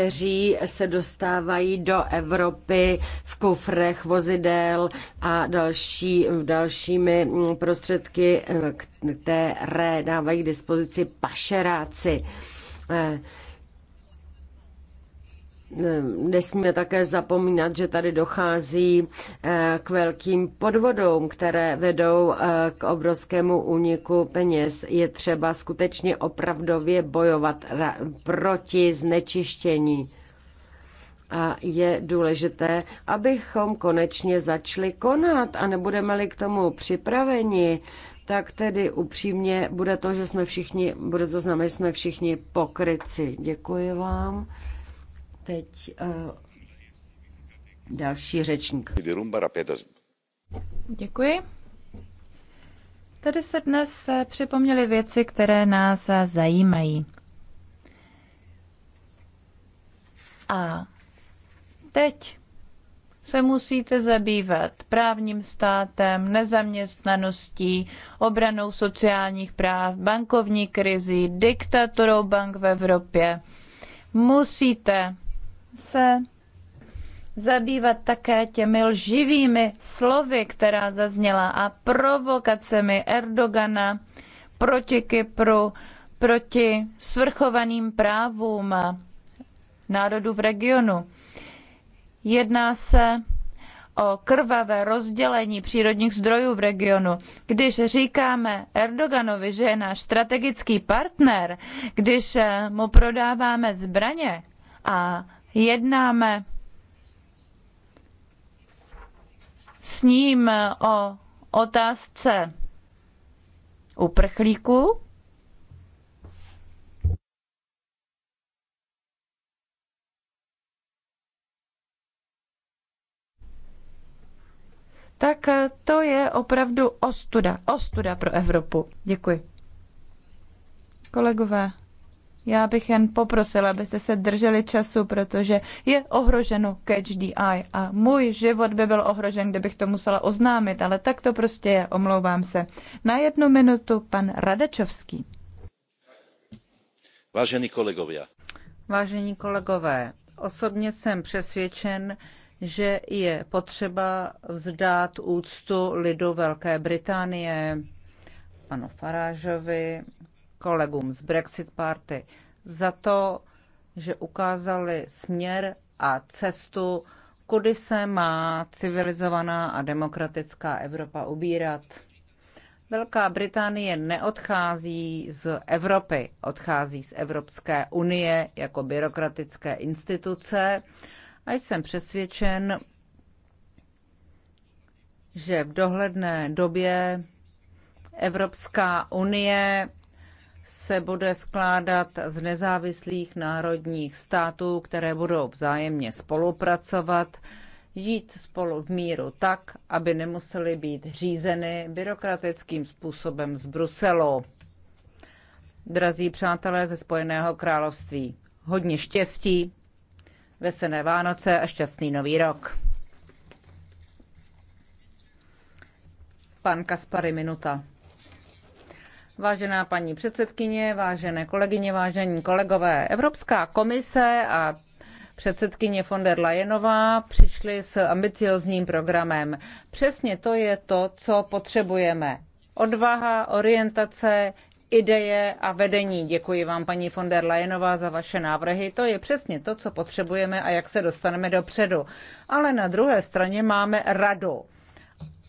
kteří se dostávají do Evropy v kufrech vozidel a další, dalšími prostředky, které dávají k dispozici pašeráci. Ehm, nesmíme také zapomínat, že tady dochází eh, k velkým podvodům, které vedou eh, k obrovskému úniku peněz. Je třeba skutečně opravdově bojovat proti znečištění. A je důležité, abychom konečně začali konat a nebudeme-li k tomu připraveni, tak tedy upřímně bude to, že jsme všichni, bude to znamenat, že jsme všichni pokryci. Děkuji vám. Teď uh, další řečník. Děkuji. Tady se dnes připomněly věci, které nás zajímají. A teď se musíte zabývat právním státem, nezaměstnaností, obranou sociálních práv, bankovní krizi, diktaturou bank v Evropě. Musíte se zabývat také těmi lživými slovy, která zazněla a provokacemi Erdogana proti Kypru, proti svrchovaným právům národů v regionu. Jedná se o krvavé rozdělení přírodních zdrojů v regionu. Když říkáme Erdoganovi, že je náš strategický partner, když mu prodáváme zbraně a jednáme s ním o otázce uprchlíků. Tak to je opravdu ostuda. Ostuda pro Evropu. Děkuji. Kolegové, já bych jen poprosila, abyste se drželi času, protože je ohroženo catch the eye a můj život by byl ohrožen, kdybych to musela oznámit, ale tak to prostě je, omlouvám se. Na jednu minutu pan Radečovský. Vážení kolegové. Vážení kolegové, osobně jsem přesvědčen, že je potřeba vzdát úctu lidu Velké Británie, panu Farážovi, kolegům z Brexit Party za to, že ukázali směr a cestu, kudy se má civilizovaná a demokratická Evropa ubírat. Velká Británie neodchází z Evropy, odchází z Evropské unie jako byrokratické instituce a jsem přesvědčen, že v dohledné době Evropská unie se bude skládat z nezávislých národních států, které budou vzájemně spolupracovat, žít spolu v míru tak, aby nemuseli být řízeny byrokratickým způsobem z Bruselu. Drazí přátelé ze Spojeného království, hodně štěstí, veselé Vánoce a šťastný nový rok. Pan Kaspary, minuta. Vážená paní předsedkyně, vážené kolegyně, vážení kolegové, Evropská komise a předsedkyně von der Leyenová přišli s ambiciozním programem. Přesně to je to, co potřebujeme. Odvaha, orientace, ideje a vedení. Děkuji vám, paní von der Leyenová, za vaše návrhy. To je přesně to, co potřebujeme a jak se dostaneme dopředu. Ale na druhé straně máme radu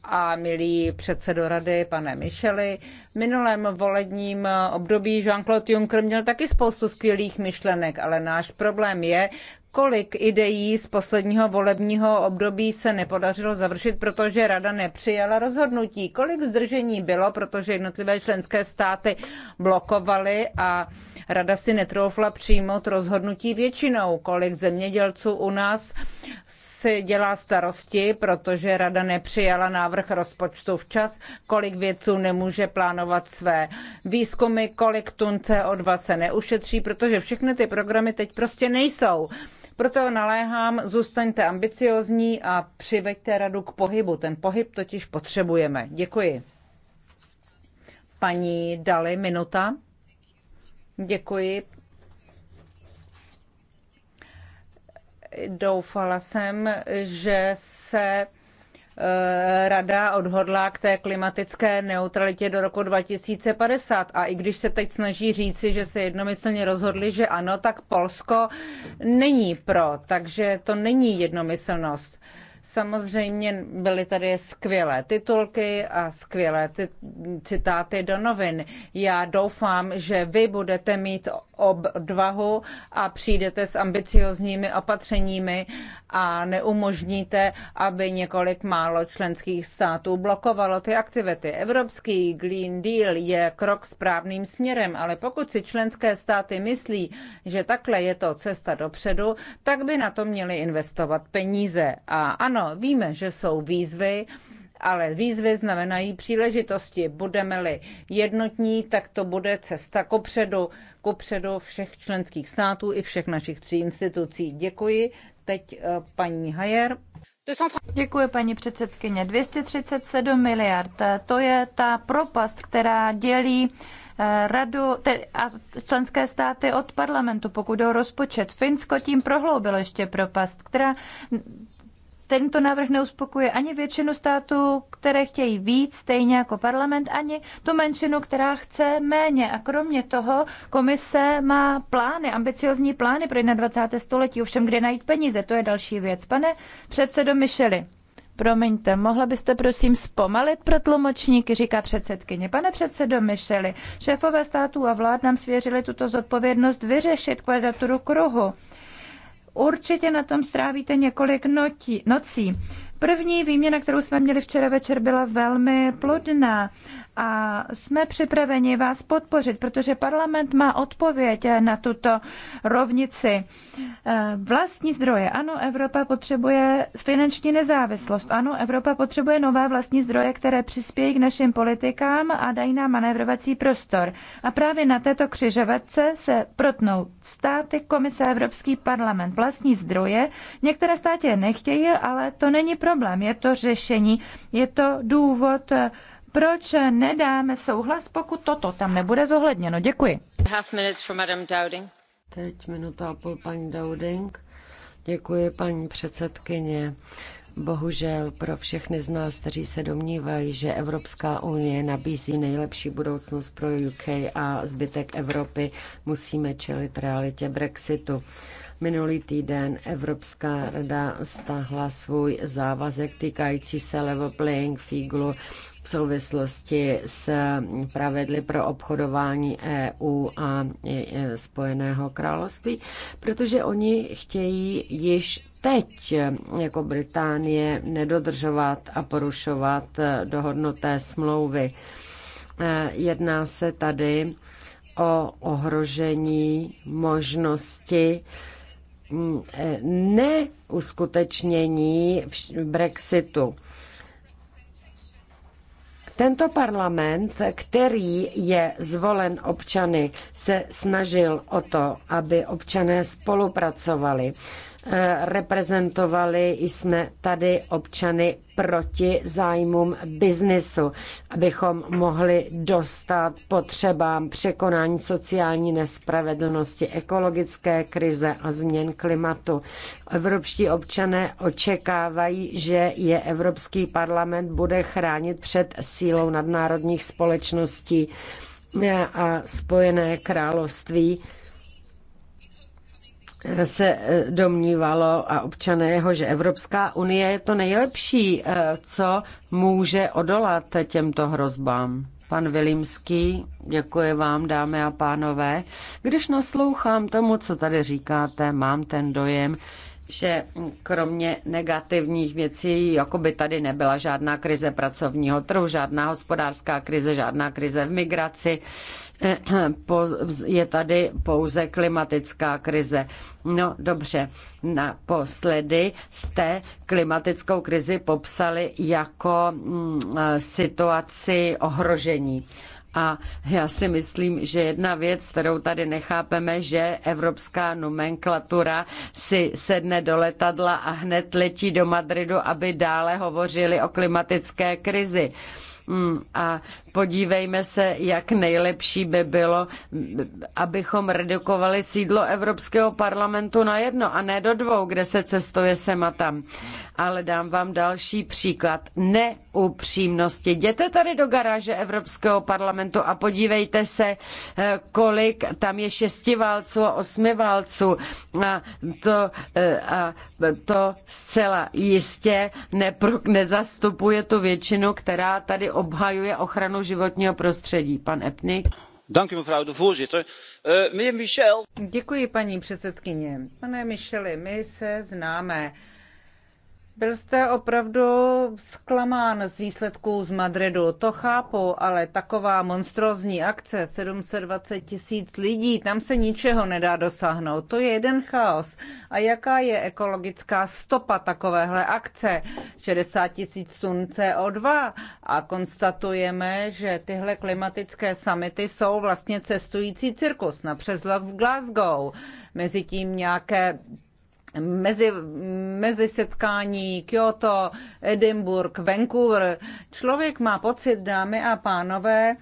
a milý předsedo rady, pane Micheli. V minulém volebním období Jean-Claude Juncker měl taky spoustu skvělých myšlenek, ale náš problém je, kolik ideí z posledního volebního období se nepodařilo završit, protože rada nepřijala rozhodnutí. Kolik zdržení bylo, protože jednotlivé členské státy blokovaly a rada si netroufla přijmout rozhodnutí většinou. Kolik zemědělců u nás si dělá starosti, protože rada nepřijala návrh rozpočtu včas, kolik vědců nemůže plánovat své výzkumy, kolik tun CO2 se neušetří, protože všechny ty programy teď prostě nejsou. Proto naléhám, zůstaňte ambiciozní a přiveďte radu k pohybu. Ten pohyb totiž potřebujeme. Děkuji. Paní Dali, minuta. Děkuji, Doufala jsem, že se eh, Rada odhodlá k té klimatické neutralitě do roku 2050. A i když se teď snaží říci, že se jednomyslně rozhodli, že ano, tak Polsko není pro. Takže to není jednomyslnost. Samozřejmě byly tady skvělé titulky a skvělé ty citáty do novin. Já doufám, že vy budete mít odvahu a přijdete s ambiciozními opatřeními a neumožníte, aby několik málo členských států blokovalo ty aktivity. Evropský Green Deal je krok správným směrem, ale pokud si členské státy myslí, že takhle je to cesta dopředu, tak by na to měly investovat peníze. A ano, víme, že jsou výzvy, ale výzvy znamenají příležitosti. Budeme-li jednotní, tak to bude cesta kopředu, kopředu všech členských států i všech našich tří institucí. Děkuji. Teď eh, paní Hajer. Děkuji, paní předsedkyně. 237 miliard, eh, to je ta propast, která dělí eh, radu a členské státy od parlamentu, pokud jde o rozpočet. Finsko tím prohloubilo ještě propast, která tento návrh neuspokuje ani většinu států, které chtějí víc, stejně jako parlament, ani tu menšinu, která chce méně. A kromě toho komise má plány, ambiciozní plány pro 21. století, ovšem kde najít peníze, to je další věc. Pane předsedo Mišeli, Promiňte, mohla byste prosím zpomalit pro tlumočníky, říká předsedkyně. Pane předsedo Mišeli, šéfové států a vlád nám svěřili tuto zodpovědnost vyřešit kvadraturu kruhu. Určitě na tom strávíte několik notí, nocí. První výměna, kterou jsme měli včera večer, byla velmi plodná a jsme připraveni vás podpořit, protože parlament má odpověď na tuto rovnici. Eh, vlastní zdroje. Ano, Evropa potřebuje finanční nezávislost. Ano, Evropa potřebuje nové vlastní zdroje, které přispějí k našim politikám a dají nám manévrovací prostor. A právě na této křižovatce se protnou státy, komise Evropský parlament. Vlastní zdroje. Některé státy je nechtějí, ale to není problém. Je to řešení. Je to důvod eh, proč nedáme souhlas, pokud toto tam nebude zohledněno? Děkuji. Half minutes for Madam Dowding. Teď minuta a půl paní Dowding. Děkuji paní předsedkyně. Bohužel pro všechny z nás, kteří se domnívají, že Evropská unie nabízí nejlepší budoucnost pro UK a zbytek Evropy, musíme čelit realitě Brexitu. Minulý týden Evropská rada stáhla svůj závazek týkající se level playing figlu v souvislosti s pravidly pro obchodování EU a Spojeného království, protože oni chtějí již teď jako Británie nedodržovat a porušovat dohodnuté smlouvy. E, jedná se tady o ohrožení možnosti mm, e, neuskutečnění Brexitu. Tento parlament, který je zvolen občany, se snažil o to, aby občané spolupracovali. Eh, reprezentovali jsme tady občany proti zájmům biznesu, abychom mohli dostat potřebám překonání sociální nespravedlnosti, ekologické krize a změn klimatu. Evropští občané očekávají, že je Evropský parlament bude chránit před sílou nadnárodních společností a spojené království se eh, domnívalo a občané jeho, že Evropská unie je to nejlepší, eh, co může odolat těmto hrozbám. Pan Vilimský, děkuji vám, dámy a pánové. Když naslouchám tomu, co tady říkáte, mám ten dojem, že kromě negativních věcí, jako by tady nebyla žádná krize pracovního trhu, žádná hospodářská krize, žádná krize v migraci, je tady pouze klimatická krize. No dobře, naposledy jste klimatickou krizi popsali jako mm, situaci ohrožení. A já si myslím, že jedna věc, kterou tady nechápeme, že evropská nomenklatura si sedne do letadla a hned letí do Madridu, aby dále hovořili o klimatické krizi. Mm, a podívejme se, jak nejlepší by bylo, abychom redukovali sídlo Evropského parlamentu na jedno a ne do dvou, kde se cestuje sem a tam. Ale dám vám další příklad neupřímnosti. Jděte tady do garáže Evropského parlamentu a podívejte se, eh, kolik tam je šestiválců a osmiválců. A to, eh, a to zcela jistě nepro, nezastupuje tu většinu, která tady obhajuje ochranu životního prostředí. Pan Epnik. Eh, Děkuji, paní předsedkyně. Pane Micheli, my se známe. Byl jste opravdu zklamán z výsledků z Madridu, to chápu, ale taková monstrózní akce, 720 tisíc lidí, tam se ničeho nedá dosáhnout, to je jeden chaos. A jaká je ekologická stopa takovéhle akce? 60 tisíc tun CO2 a konstatujeme, že tyhle klimatické samity jsou vlastně cestující cirkus na přezlov v Glasgow. Mezitím nějaké mezi, mezi setkání Kyoto, Edinburgh, Vancouver. Člověk má pocit, dámy a pánové,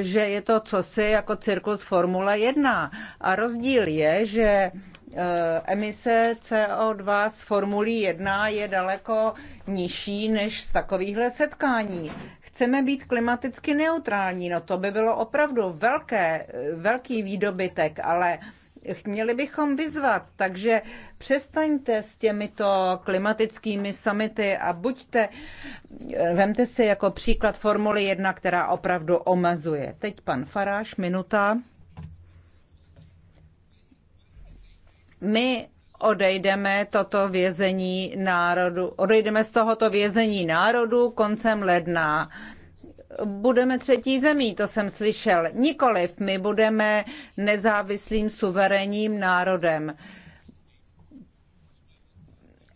že je to cosi jako cirkus Formule 1. A rozdíl je, že eh, emise CO2 z Formulí 1 je daleko nižší než z takovýchhle setkání. Chceme být klimaticky neutrální, no to by bylo opravdu velké, velký výdobytek, ale měli bychom vyzvat. Takže přestaňte s těmito klimatickými samity a buďte, vemte si jako příklad Formuli 1, která opravdu omezuje. Teď pan Faráš, minuta. My odejdeme toto vězení národu, odejdeme z tohoto vězení národu koncem ledna budeme třetí zemí, to jsem slyšel. Nikoliv, my budeme nezávislým suverénním národem.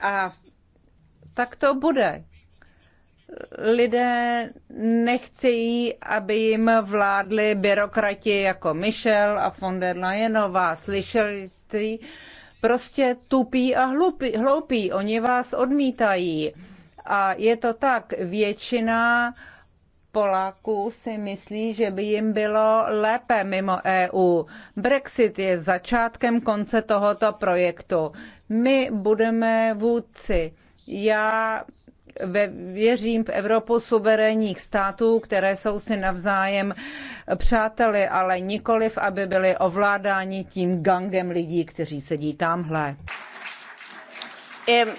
A tak to bude. Lidé nechcejí, aby jim vládli byrokrati jako Michel a von der Leyenová. Slyšeli jste prostě tupí a hlupí, hloupí. Oni vás odmítají. A je to tak, většina uh, Poláků si myslí, že by jim bylo lépe mimo EU. Brexit je začátkem konce tohoto projektu. My budeme vůdci. Já ve, věřím v Evropu suverénních států, které jsou si navzájem přáteli, ale nikoliv, aby byli ovládáni tím gangem lidí, kteří sedí tamhle. Um,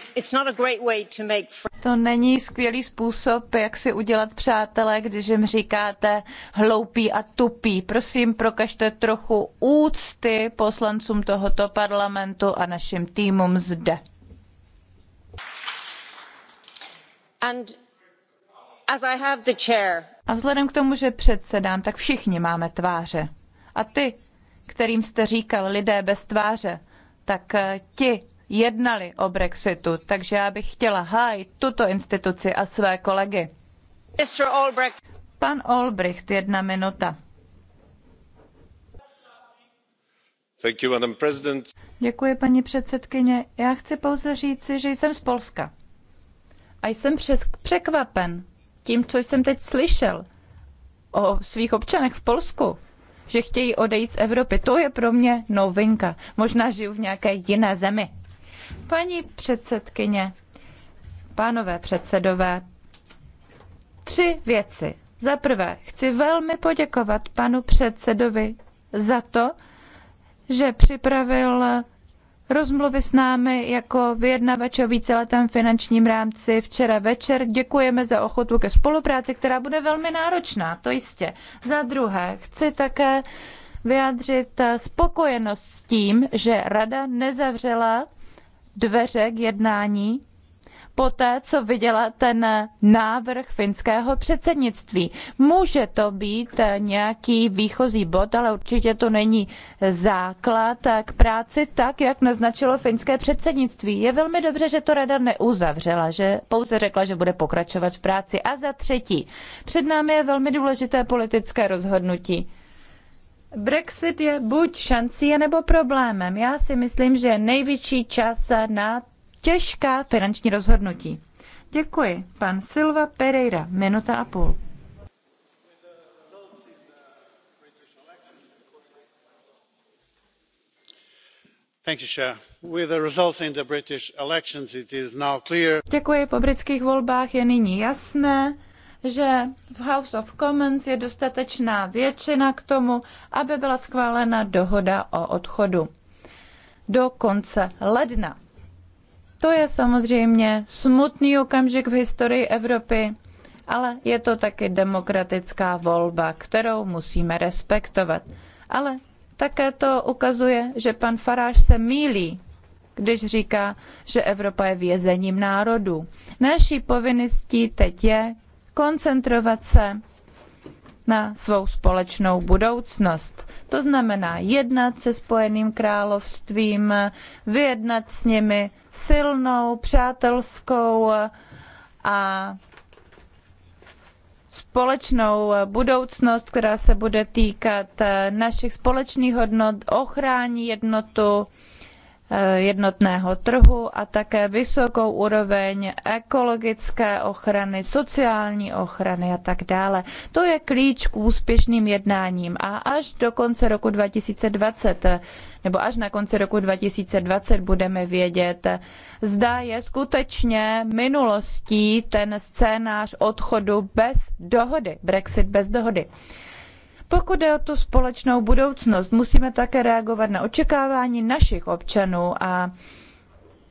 to není skvělý způsob, jak si udělat přátele, když jim říkáte hloupí a tupí. Prosím, prokažte trochu úcty poslancům tohoto parlamentu a našim týmům zde. A vzhledem k tomu, že předsedám, tak všichni máme tváře. A ty, kterým jste říkal lidé bez tváře, tak eh, ti jednali o Brexitu, takže já bych chtěla hájit tuto instituci a své kolegy. Pan Olbricht, jedna minuta. Děkuji, paní předsedkyně. Já chci pouze říci, že jsem z Polska. A jsem překvapen tím, co jsem teď slyšel o svých občanech v Polsku, že chtějí odejít z Evropy. To je pro mě novinka. Možná žiju v nějaké jiné zemi. Paní předsedkyně, pánové předsedové, tři věci. Za prvé, chci velmi poděkovat panu předsedovi za to, že připravil rozmluvy s námi jako vyjednavač o víceletém finančním rámci včera večer. Děkujeme za ochotu ke spolupráci, která bude velmi náročná, to jistě. Za druhé, chci také vyjádřit spokojenost s tím, že Rada nezavřela dveře k jednání poté, co viděla ten návrh finského předsednictví. Může to být nějaký výchozí bod, ale určitě to není základ k práci tak, jak naznačilo finské předsednictví. Je velmi dobře, že to rada neuzavřela, že pouze řekla, že bude pokračovat v práci. A za třetí, před námi je velmi důležité politické rozhodnutí Brexit je buď šancí, nebo problémem. Já si myslím, že je největší čas na těžká finanční rozhodnutí. Děkuji. Pan Silva Pereira, minuta a půl. Děkuji. Po britských volbách je nyní jasné, že v House of Commons je dostatečná většina k tomu, aby byla schválena dohoda o odchodu do konce ledna. To je samozřejmě smutný okamžik v historii Evropy, ale je to taky demokratická volba, kterou musíme respektovat. Ale také to ukazuje, že pan Faráš se mílí, když říká, že Evropa je vězením národů. Naší povinností teď je koncentrovat se na svou společnou budoucnost. To znamená jednat se Spojeným královstvím, vyjednat s nimi silnou, přátelskou a společnou budoucnost, která se bude týkat našich společných hodnot, ochrání jednotu Eh, jednotného trhu a také vysokou úroveň ekologické ochrany, sociální ochrany a tak dále. To je klíč k úspěšným jednáním a až do konce roku 2020 nebo až na konci roku 2020 budeme vědět, zda je skutečně minulostí ten scénář odchodu bez dohody, Brexit bez dohody. Pokud je o tu společnou budoucnost, musíme také reagovat na očekávání našich občanů a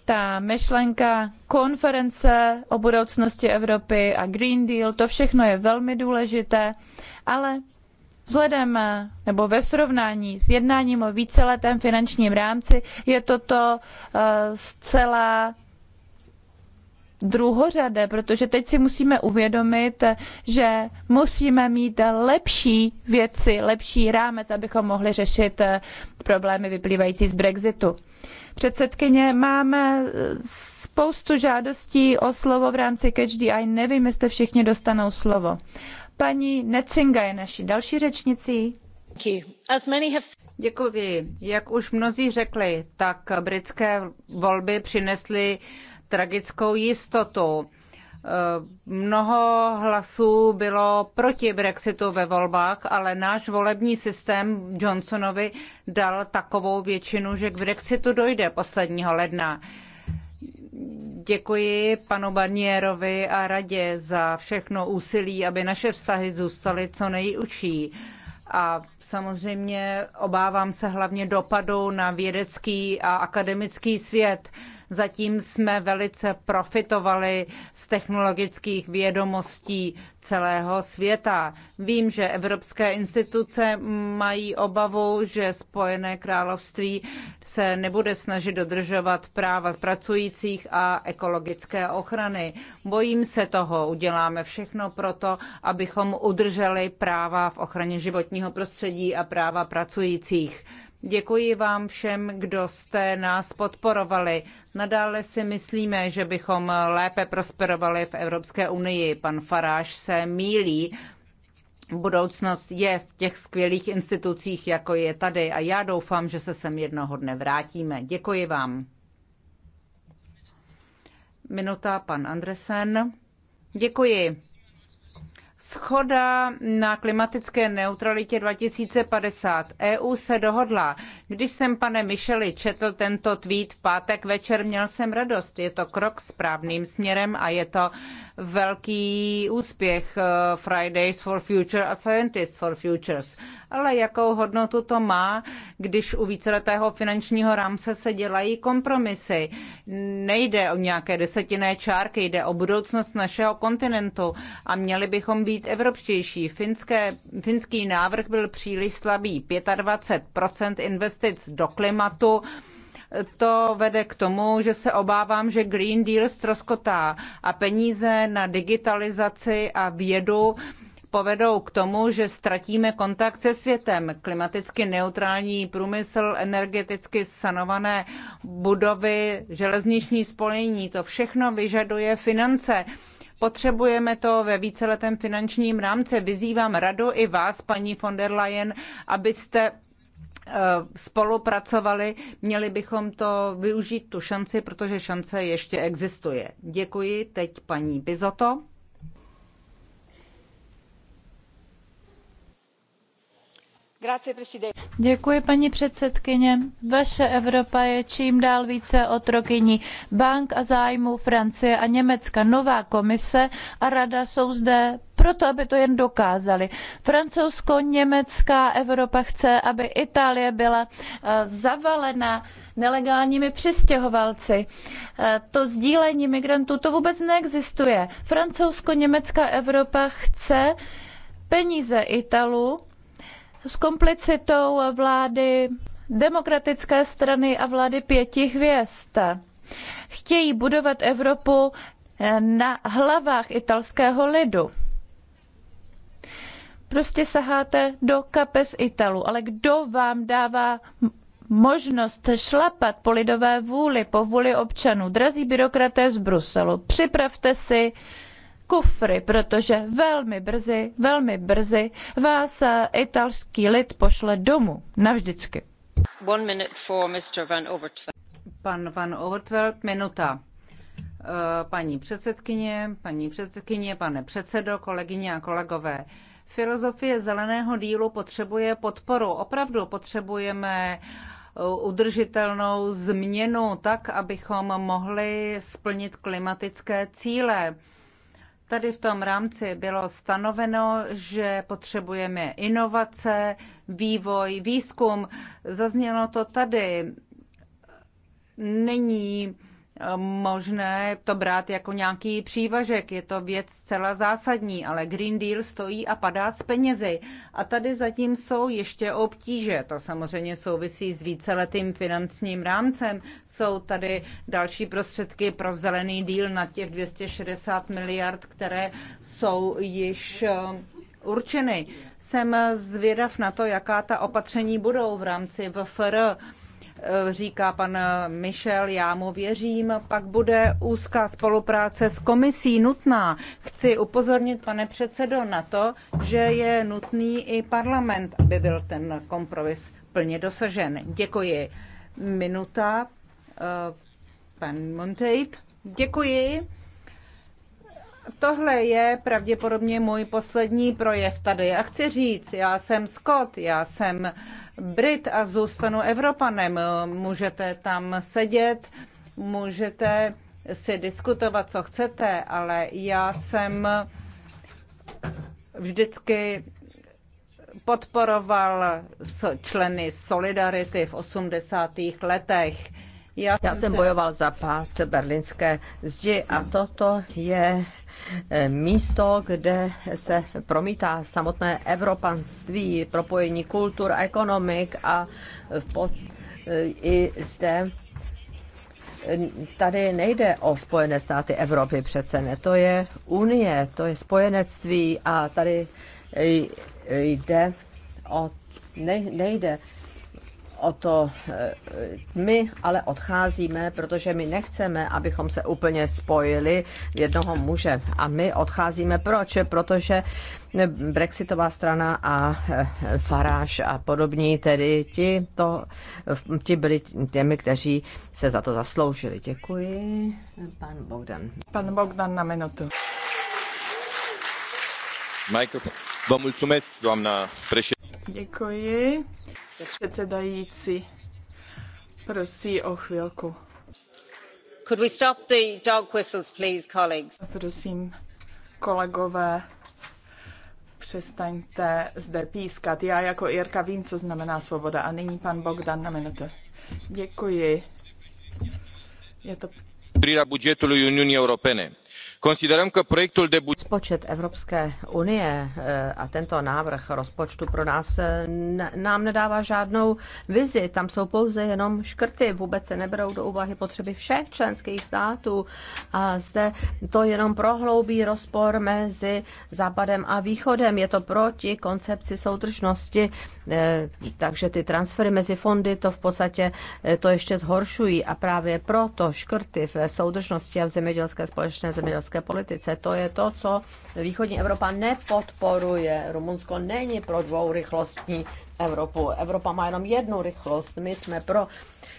ta myšlenka konference o budoucnosti Evropy a Green Deal, to všechno je velmi důležité, ale Vzhledem nebo ve srovnání s jednáním o víceletém finančním rámci je toto eh, zcela druhořadé, protože teď si musíme uvědomit, že musíme mít lepší věci, lepší rámec, abychom mohli řešit eh, problémy vyplývající z Brexitu. Předsedkyně, máme eh, spoustu žádostí o slovo v rámci Catch the Eye. Nevím, jestli všichni dostanou slovo. Paní Necinga je naší další řečnicí. Děkuji. Jak už mnozí řekli, tak britské volby přinesly tragickou jistotu. Eh, mnoho hlasů bylo proti Brexitu ve volbách, ale náš volební systém Johnsonovi dal takovou většinu, že k Brexitu dojde posledního ledna. Děkuji panu Barnierovi a radě za všechno úsilí, aby naše vztahy zůstaly co nejučí. A samozřejmě obávám se hlavně dopadu na vědecký a akademický svět Zatím jsme velice profitovali z technologických vědomostí celého světa. Vím, že evropské instituce mají obavu, že Spojené království se nebude snažit dodržovat práva pracujících a ekologické ochrany. Bojím se toho, uděláme všechno proto, abychom udrželi práva v ochraně životního prostředí a práva pracujících. Děkuji vám všem, kdo jste nás podporovali. Nadále si myslíme, že bychom lépe prosperovali v Evropské unii. Pan Faráš se mílí. Budoucnost je v těch skvělých institucích, jako je tady a já doufám, že se sem jednoho dne vrátíme. Děkuji vám. Minuta, pan Andresen. Děkuji. Schoda na klimatické neutralitě 2050. EU se dohodla. Když jsem, pane Micheli, četl tento tweet v pátek večer, měl jsem radost. Je to krok správným směrem a je to velký úspěch eh, Fridays for Future a Scientists for Futures. Ale jakou hodnotu to má, když u víceletého finančního rámce se dělají kompromisy? Nejde o nějaké desetinné čárky, jde o budoucnost našeho kontinentu a měli bychom být být evropštější. Finské, finský návrh byl příliš slabý. 25 investic do klimatu to vede k tomu, že se obávám, že Green Deal stroskotá a peníze na digitalizaci a vědu povedou k tomu, že ztratíme kontakt se světem. Klimaticky neutrální průmysl, energeticky sanované budovy, železniční spojení, to všechno vyžaduje finance. Potřebujeme to ve víceletém finančním rámci. Vyzývám radu i vás, paní von der Leyen, abyste eh, spolupracovali, měli bychom to využít tu šanci, protože šance ještě existuje. Děkuji teď paní Bizoto. Děkuji, paní předsedkyně. Vaše Evropa je čím dál více otrokyní bank a zájmů Francie a Německa. Nová komise a rada jsou zde proto, aby to jen dokázali. Francouzsko-německá Evropa chce, aby Itálie byla eh, zavalena nelegálními přistěhovalci. Eh, to sdílení migrantů, to vůbec neexistuje. Francouzsko-německá Evropa chce peníze Italů, s komplicitou vlády demokratické strany a vlády pěti hvězd. Chtějí budovat Evropu eh, na hlavách italského lidu. Prostě saháte do kapes Italu, ale kdo vám dává možnost šlapat po lidové vůli, po vůli občanů? Drazí byrokraté z Bruselu, připravte si kufry, protože velmi brzy, velmi brzy vás eh, italský lid pošle domů. Navždycky. One minute for Mr. Van Pan Van Overtveld, minuta. Eh, paní předsedkyně, paní předsedkyně, pane předsedo, kolegyně a kolegové. Filozofie zeleného dílu potřebuje podporu. Opravdu potřebujeme eh, udržitelnou změnu tak, abychom mohli splnit klimatické cíle. Tady v tom rámci bylo stanoveno, že potřebujeme inovace, vývoj, výzkum. Zaznělo to tady. Není možné to brát jako nějaký přívažek. Je to věc zcela zásadní, ale Green Deal stojí a padá s penězi. A tady zatím jsou ještě obtíže. To samozřejmě souvisí s víceletým finančním rámcem. Jsou tady další prostředky pro zelený díl na těch 260 miliard, které jsou již eh, určeny. Jsem zvědav na to, jaká ta opatření budou v rámci VFR Eh, říká pan Michel, já mu věřím, pak bude úzká spolupráce s komisí nutná. Chci upozornit, pane předsedo, na to, že je nutný i parlament, aby byl ten kompromis plně dosažen. Děkuji. Minuta. Eh, pan Monteit. Děkuji. Tohle je pravděpodobně můj poslední projev tady. A chci říct, já jsem Scott, já jsem uh, Brit a zůstanu Evropanem. Můžete tam sedět, můžete si diskutovat, co chcete, ale já jsem vždycky podporoval členy Solidarity v 80. letech. Já, Já jsem se... bojoval za pád berlínské zdi a toto je eh, místo, kde se promítá samotné evropanství, propojení kultur a ekonomik a pod, eh, i zde tady nejde o Spojené státy Evropy přece ne, to je Unie, to je spojenectví a tady eh, jde o, ne, nejde o to eh, my ale odcházíme, protože my nechceme, abychom se úplně spojili v jednoho muže. A my odcházíme proč? Protože Brexitová strana a eh, Farage a podobní, tedy ti, to, ti byli těmi, kteří se za to zasloužili. Děkuji. Pan Bogdan. Pan Bogdan na minutu. Vă mulțumesc, doamna președinte. Děkuji. Předsedající, prosí o chvilku. Could we stop the dog whistles, please, colleagues? Prosím, kolegové, přestaňte zde pískat. Já jako Jirka vím, co znamená svoboda. A nyní pan Bogdan na minutu. Děkuji. Je to... budgetului Uniunii Europene Considerăm că proiectul de buget... Rozpočet Evropské unie eh, a tento návrh rozpočtu pro nás eh, nám nedává žádnou vizi. Tam jsou pouze jenom škrty. Vůbec se neberou do úvahy potřeby všech členských států. A zde to jenom prohloubí rozpor mezi Západem a Východem. Je to proti koncepci soudržnosti. Eh, takže ty transfery mezi fondy to v podstatě to ještě zhoršují. A právě proto škrty v soudržnosti a v zemědělské společné zemědělské evropské politice. To je to, co východní Evropa nepodporuje. Rumunsko není pro dvourychlostní Evropu. Evropa má jenom jednu rychlost. My jsme pro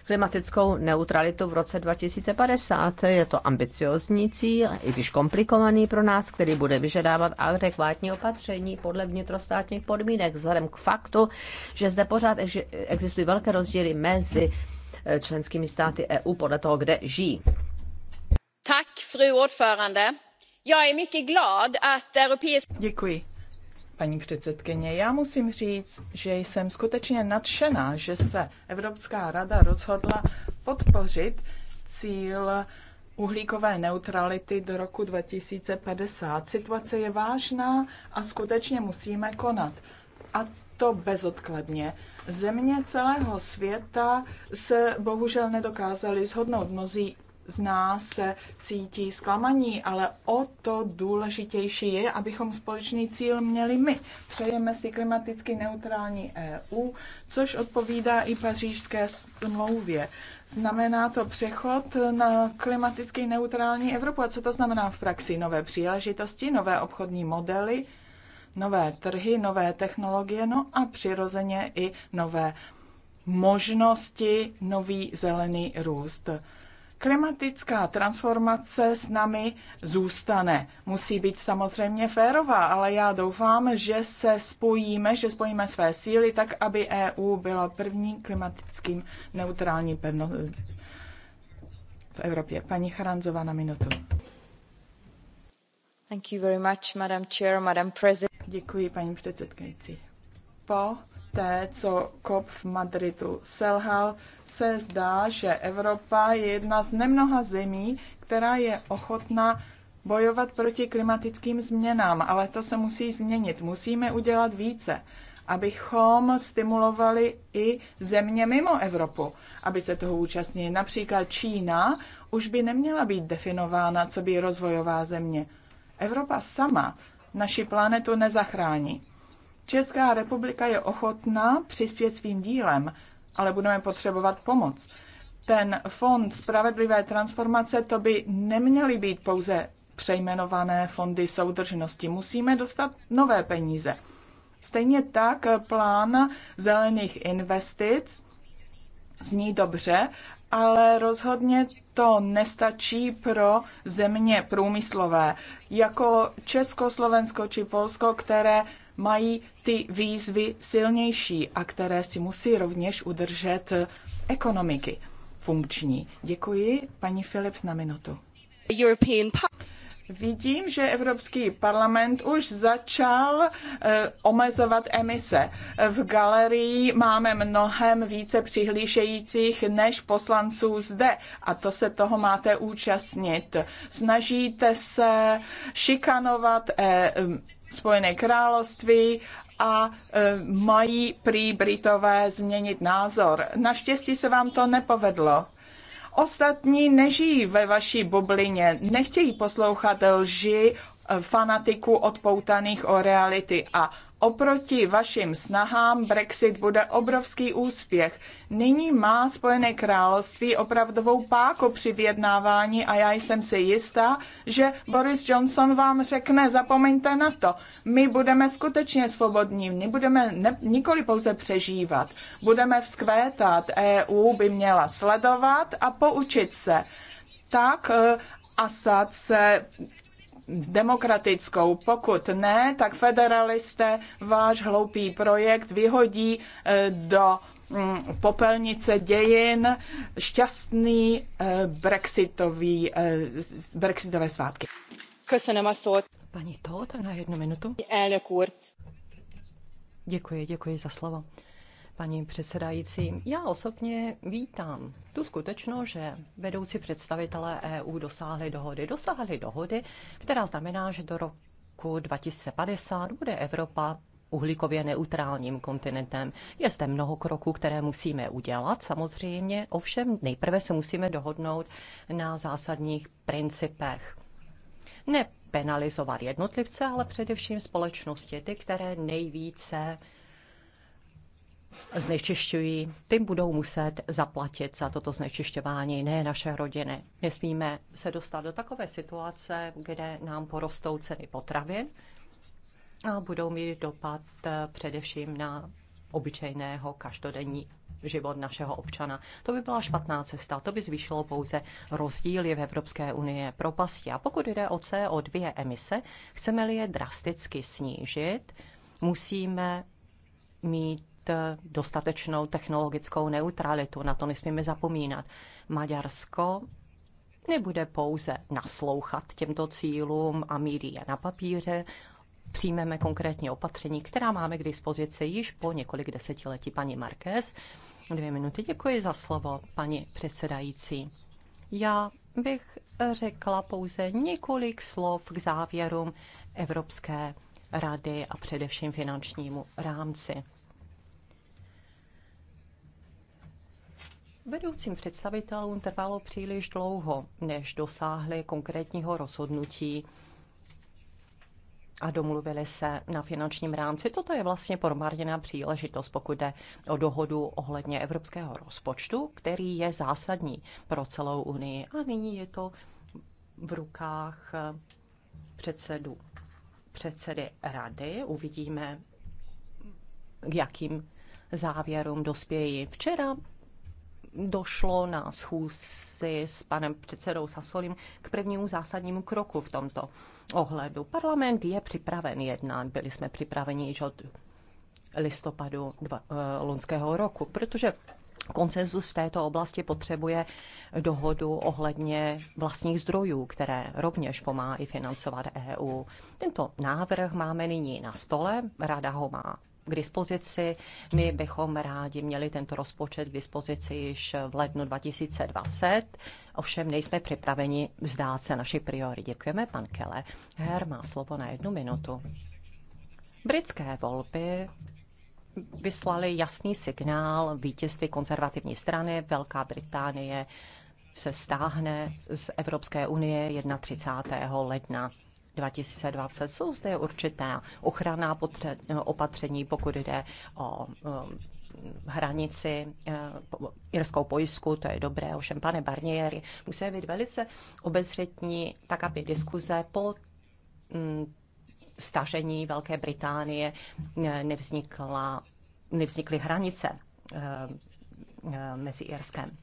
klimatickou neutralitu v roce 2050. Je to ambiciozní cíl, i když komplikovaný pro nás, který bude vyžadávat adekvátní opatření podle vnitrostátních podmínek, vzhledem k faktu, že zde pořád existují velké rozdíly mezi eh, členskými státy EU podle toho, kde žijí fru talman! Jag är mycket glad att paní předsedkyně. Já musím říct, že jsem skutečně nadšená, že se Evropská rada rozhodla podpořit cíl uhlíkové neutrality do roku 2050. Situace je vážná a skutečně musíme konat. A to bezodkladně. Země celého světa se bohužel nedokázaly shodnout. Mnozí z nás se cítí zklamaní, ale o to důležitější je, abychom společný cíl měli my. Přejeme si klimaticky neutrální EU, což odpovídá i pařížské smlouvě. Znamená to přechod na klimaticky neutrální Evropu. A co to znamená v praxi? Nové příležitosti, nové obchodní modely, nové trhy, nové technologie, no a přirozeně i nové možnosti, nový zelený růst. Klimatická transformace s námi zůstane. Musí být samozřejmě férová, ale já doufám, že se spojíme, že spojíme své síly tak, aby EU byla první klimatickým neutrální pevno v Evropě. Paní Charanzová na minutu. Thank you very much, Madam Chair, Madam President. Děkuji, paní předsedkající. Po té, co COP v Madridu selhal, se zdá, že Evropa je jedna z nemnoha zemí, která je ochotná bojovat proti klimatickým změnám, ale to se musí změnit. Musíme udělat více, abychom stimulovali i země mimo Evropu, aby se toho účastnili. Například Čína už by neměla být definována, co by rozvojová země. Evropa sama naši planetu nezachrání. Česká republika je ochotná přispět svým dílem, ale budeme potřebovat pomoc. Ten fond spravedlivé transformace, to by neměly být pouze přejmenované fondy soudržnosti. Musíme dostat nové peníze. Stejně tak plán zelených investic zní dobře, ale rozhodně to nestačí pro země průmyslové, jako Česko, Slovensko či Polsko, které mají ty výzvy silnější a které si musí rovněž udržet ekonomiky funkční. Děkuji, paní Philips, na minutu. European... Vidím, že Evropský parlament už začal eh, omezovat emise. V galerii máme mnohem více přihlížejících než poslanců zde a to se toho máte účastnit. Snažíte se šikanovat eh, Spojené království a eh, mají prý Britové změnit názor. Naštěstí se vám to nepovedlo Ostatní nežijí ve vaší bublině, nechtějí poslouchat lži eh, fanatiků odpoutaných o reality a Oproti vašim snahám Brexit bude obrovský úspěch. Nyní má Spojené království opravdovou páku při vyjednávání a já jsem si jistá, že Boris Johnson vám řekne, zapomeňte na to. My budeme skutečně svobodní, my budeme ne, nikoli pouze přežívat, budeme vzkvétat. EU by měla sledovat a poučit se. Tak, eh, stát se demokratickou. Pokud ne, tak federalisté váš hloupý projekt vyhodí eh, do mm, popelnice dějin šťastný eh, brexitový, eh, brexitové svátky. Pani Tóta na jednu minutu. Děkuji, děkuji za slovo paní předsedající. Já osobně vítám tu skutečnost, že vedoucí představitelé EU dosáhli dohody. Dosáhli dohody, která znamená, že do roku 2050 bude Evropa uhlíkově neutrálním kontinentem. Je zde mnoho kroků, které musíme udělat, samozřejmě, ovšem nejprve se musíme dohodnout na zásadních principech. Nepenalizovat jednotlivce, ale především společnosti, ty, které nejvíce znečišťují, ty budou muset zaplatit za toto znečišťování, ne naše rodiny. Nesmíme se dostat do takové situace, kde nám porostou ceny potravin a budou mít dopad eh, především na obyčejného každodenní život našeho občana. To by byla špatná cesta, to by zvýšilo pouze rozdíly v Evropské unii propasti. A pokud jde o CO2 emise, chceme-li je drasticky snížit, musíme mít Eh, dostatečnou technologickou neutralitu. Na to nesmíme zapomínat. Maďarsko nebude pouze naslouchat těmto cílům a mít je na papíře, přijmeme konkrétní opatření, která máme k dispozici již po několik desetiletí. Paní Marquez, dvě minuty, děkuji za slovo, paní předsedající. Já bych řekla pouze několik slov k závěrům Evropské rady a především finančnímu rámci. Vedoucím představitelům trvalo příliš dlouho, než dosáhli konkrétního rozhodnutí a domluvili se na finančním rámci. Toto je vlastně promarněná příležitost, pokud jde o dohodu ohledně evropského rozpočtu, který je zásadní pro celou Unii. A nyní je to v rukách eh, předsedu, předsedy rady. Uvidíme, k jakým závěrům dospějí. Včera došlo na schůzi s panem předsedou Sasolím k prvnímu zásadnímu kroku v tomto ohledu. Parlament je připraven jednat, byli jsme připraveni již od listopadu dva, eh, lonského roku, protože konsenzus v této oblasti potřebuje dohodu ohledně vlastních zdrojů, které rovněž pomáhají financovat EU. Tento návrh máme nyní na stole, Rada ho má k dispozici. My bychom rádi měli tento rozpočet k dispozici již v lednu 2020, ovšem nejsme připraveni vzdát se naši priory. Děkujeme, pan Kele. Her má slovo na jednu minutu. Britské volby vyslali jasný signál vítězství konzervativní strany. Velká Británie se stáhne z Evropské unie 31. ledna. 2020. Jsou zde určitá ochranná opatření, pokud jde o um, hranici, eh, irskou pojistku, to je dobré, ovšem pane Barnieri musíme být velice obezřetní, tak aby diskuze po mm, stažení Velké Británie eh, nevznikla, nevznikly hranice eh, mezi Irskem.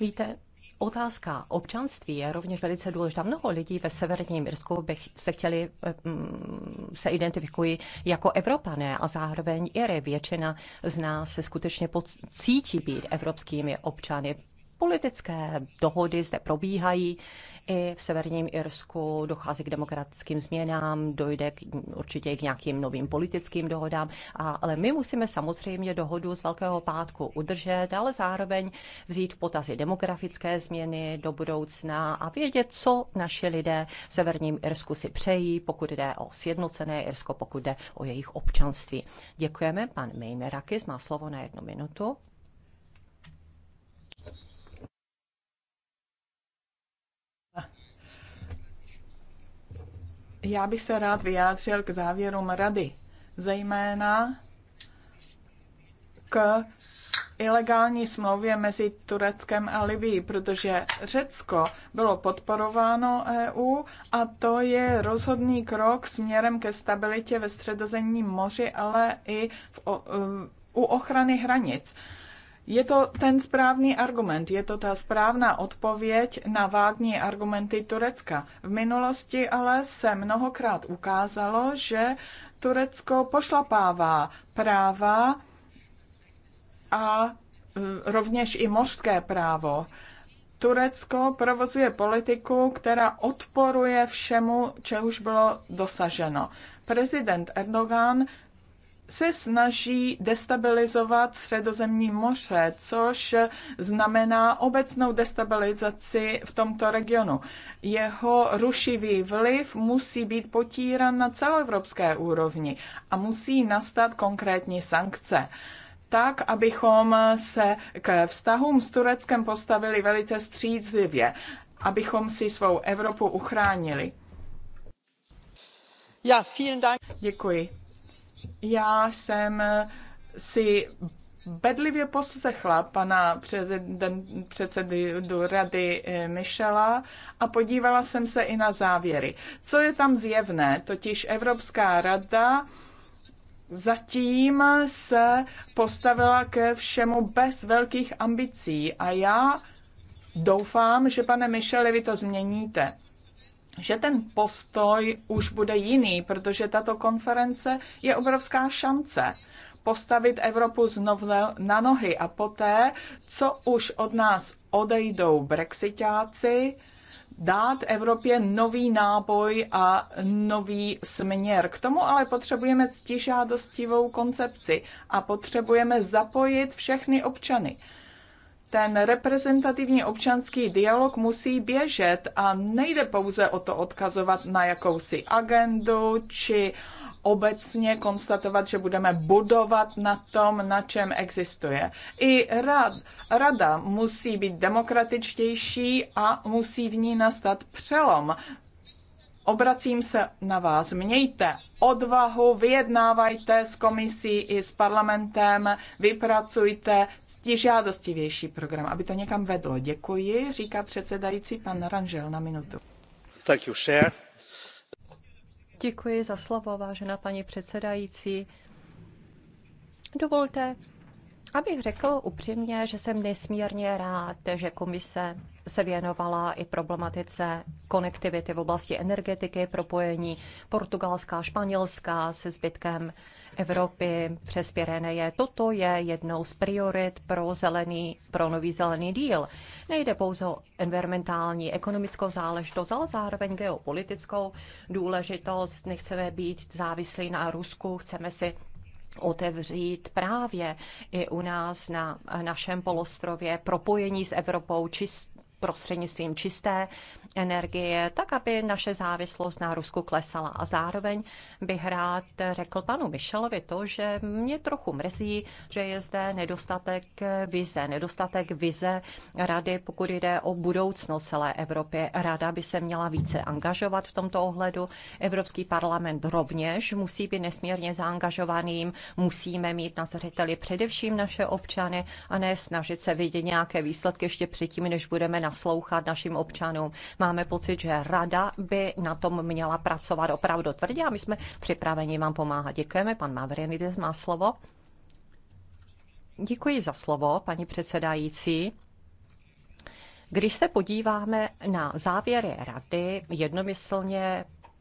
Víte, otázka občanství je rovněž velice důležitá. Mnoho lidí ve severním Irsku bych se chtěli, mm, se identifikují jako Evropané a zároveň Iry. Většina z nás se skutečně cítí být evropskými občany. Politické dohody zde probíhají. I v severním Irsku dochází k demokratickým změnám, dojde k, určitě k nějakým novým politickým dohodám, a, ale my musíme samozřejmě dohodu z Velkého pátku udržet, ale zároveň vzít v potazy demografické změny do budoucna a vědět, co naše lidé v severním Irsku si přejí, pokud jde o sjednocené Irsko, pokud jde o jejich občanství. Děkujeme. Pan Mejmerakis má slovo na jednu minutu. Já bych se rád vyjádřil k závěrům rady, zejména k ilegální smlouvě mezi Tureckem a Libií, protože Řecko bylo podporováno EU a to je rozhodný krok směrem ke stabilitě ve středozemním moři, ale i v, u ochrany hranic. Je to ten správný argument, je to ta správná odpověď na vágní argumenty Turecka. V minulosti ale se mnohokrát ukázalo, že Turecko pošlapává práva a e, rovněž i mořské právo. Turecko provozuje politiku, která odporuje všemu, čehož bylo dosaženo. Prezident Erdogan se snaží destabilizovat Středozemní moře, což znamená obecnou destabilizaci v tomto regionu. Jeho rušivý vliv musí být potíran na celoevropské úrovni a musí nastat konkrétní sankce tak, abychom se k vztahům s Tureckem postavili velice střízlivě, abychom si svou Evropu uchránili. Ja, vielen Dank. Děkuji. Já jsem si bedlivě poslechla pana do rady eh, Michela a podívala jsem se i na závěry. Co je tam zjevné, totiž Evropská rada zatím se postavila ke všemu bez velkých ambicí a já doufám, že pane Michele, vy to změníte že ten postoj už bude jiný, protože tato konference je obrovská šance postavit Evropu znovu na nohy a poté, co už od nás odejdou brexitáci, dát Evropě nový náboj a nový směr. K tomu ale potřebujeme ctižádostivou koncepci a potřebujeme zapojit všechny občany ten reprezentativní občanský dialog musí běžet a nejde pouze o to odkazovat na jakousi agendu či obecně konstatovat, že budeme budovat na tom, na čem existuje. I rad, rada musí být demokratičtější a musí v ní nastat přelom Obracím se na vás. Mějte odvahu, vyjednávajte s komisí i s parlamentem, vypracujte stižádostivější program, aby to někam vedlo. Děkuji, říká předsedající pan Ranžel na minutu. Thank you, share. Děkuji za slovo, vážená paní předsedající. Dovolte, abych řekl upřímně, že jsem nesmírně rád, že komise se věnovala i problematice konektivity v oblasti energetiky, propojení portugalská, španělská se zbytkem Evropy přes Pireneje. Toto je jednou z priorit pro, zelený, pro nový zelený díl. Nejde pouze o environmentální, ekonomickou záležitost, ale zároveň geopolitickou důležitost. Nechceme být závislí na Rusku, chceme si otevřít právě i u nás na našem polostrově propojení s Evropou, čist, prostřednictvím čisté energie, tak aby naše závislost na Rusku klesala. A zároveň bych rád řekl panu Michelovi to, že mě trochu mrzí, že je zde nedostatek vize, nedostatek vize rady, pokud jde o budoucnost celé Evropy. Rada by se měla více angažovat v tomto ohledu. Evropský parlament rovněž musí být nesmírně zaangažovaným, musíme mít na zřeteli především naše občany a ne snažit se vidět nějaké výsledky ještě předtím, než budeme na naslouchat našim občanům. Máme pocit, že rada by na tom měla pracovat opravdu tvrdě a my jsme připraveni vám pomáhat. Děkujeme, pan Mavrinides má slovo. Děkuji za slovo, paní předsedající. Když se podíváme na závěry rady, jednomyslně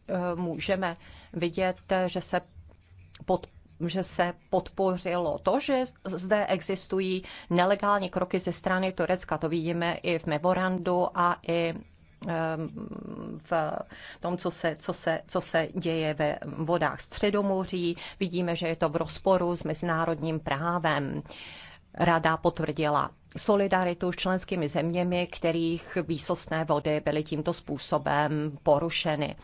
eh, můžeme vidět, že se pod že se podpořilo to, že zde existují nelegální kroky ze strany Turecka. To vidíme i v memorandu a i v tom, co se, co se, co se děje ve vodách Středomoří. Vidíme, že je to v rozporu s mezinárodním právem. Rada potvrdila solidaritu s členskými zeměmi, kterých výsostné vody byly tímto způsobem porušeny.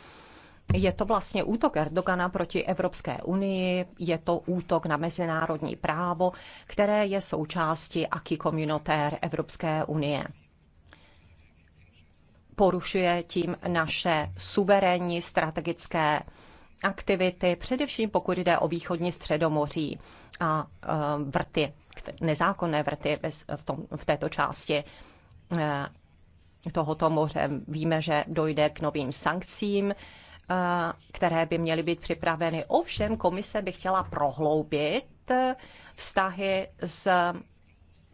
Je to vlastně útok Erdogana proti Evropské unii, je to útok na mezinárodní právo, které je součástí aký komunitér Evropské unie. Porušuje tím naše suverénní strategické aktivity, především pokud jde o východní středomoří a eh, vrty, nezákonné vrty v, tom, v této části eh, tohoto moře. Víme, že dojde k novým sankcím Eh, které by měly být připraveny. Ovšem komise by chtěla prohloubit eh, vztahy s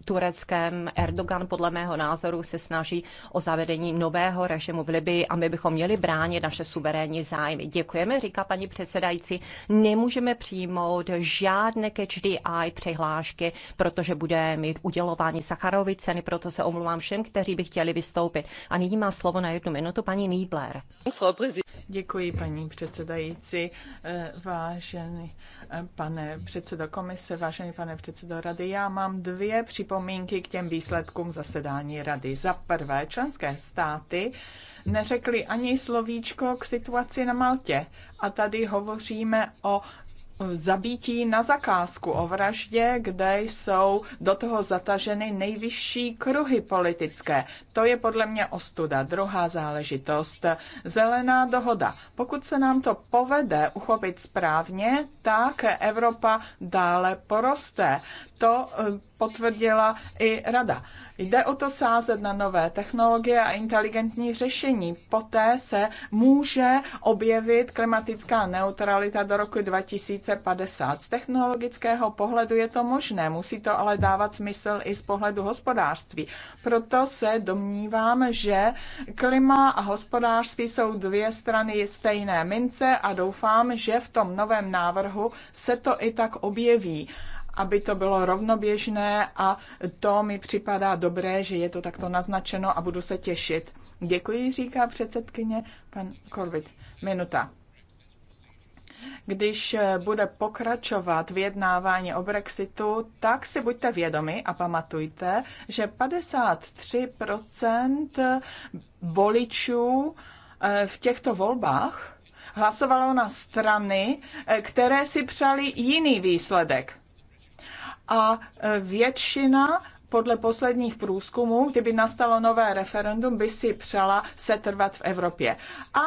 Tureckem. Erdogan podle mého názoru se snaží o zavedení nového režimu v Libii a my bychom měli bránit naše suverénní zájmy. Děkujeme, říká paní předsedající. Nemůžeme přijmout žádné catch the eye přihlášky, protože bude mít udělování Sacharovy ceny, proto se omluvám všem, kteří by chtěli vystoupit. A nyní má slovo na jednu minutu paní Nýbler. Děkuji, paní předsedající. Vážený eh, pane předsedo komise, vážený pane předsedo rady, já mám dvě připomínky připomínky k těm výsledkům zasedání rady. Za prvé, členské státy neřekli ani slovíčko k situaci na Maltě. A tady hovoříme o zabítí na zakázku, o vraždě, kde jsou do toho zataženy nejvyšší kruhy politické. To je podle mě ostuda. Druhá záležitost, zelená dohoda. Pokud se nám to povede uchopit správně, tak Evropa dále poroste. To eh, potvrdila i rada. Jde o to sázet na nové technologie a inteligentní řešení. Poté se může objevit klimatická neutralita do roku 2000 2050. Z technologického pohledu je to možné, musí to ale dávat smysl i z pohledu hospodářství. Proto se domnívám, že klima a hospodářství jsou dvě strany stejné mince a doufám, že v tom novém návrhu se to i tak objeví aby to bylo rovnoběžné a to mi připadá dobré, že je to takto naznačeno a budu se těšit. Děkuji, říká předsedkyně pan Korvit. Minuta. Když eh, bude pokračovat vyjednávání o Brexitu, tak si buďte vědomi a pamatujte, že 53% voličů eh, v těchto volbách hlasovalo na strany, eh, které si přali jiný výsledek. A většina podle posledních průzkumů, kdyby nastalo nové referendum, by si přala setrvat v Evropě. A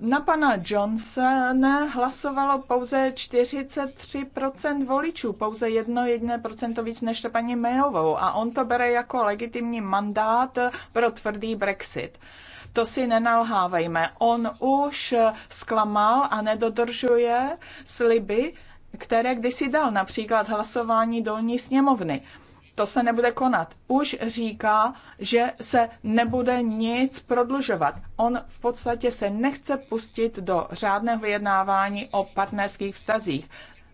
na pana Johnsona hlasovalo pouze 43% voličů, pouze jedno jediné procento víc než to paní Mayovou a on to bere jako legitimní mandát pro tvrdý Brexit. To si nenalhávejme. On už zklamal a nedodržuje sliby, které kdysi dal, například hlasování dolní sněmovny to se nebude konat. Už říká, že se nebude nic prodlužovat. On v podstatě se nechce pustit do řádného vyjednávání o partnerských vztazích.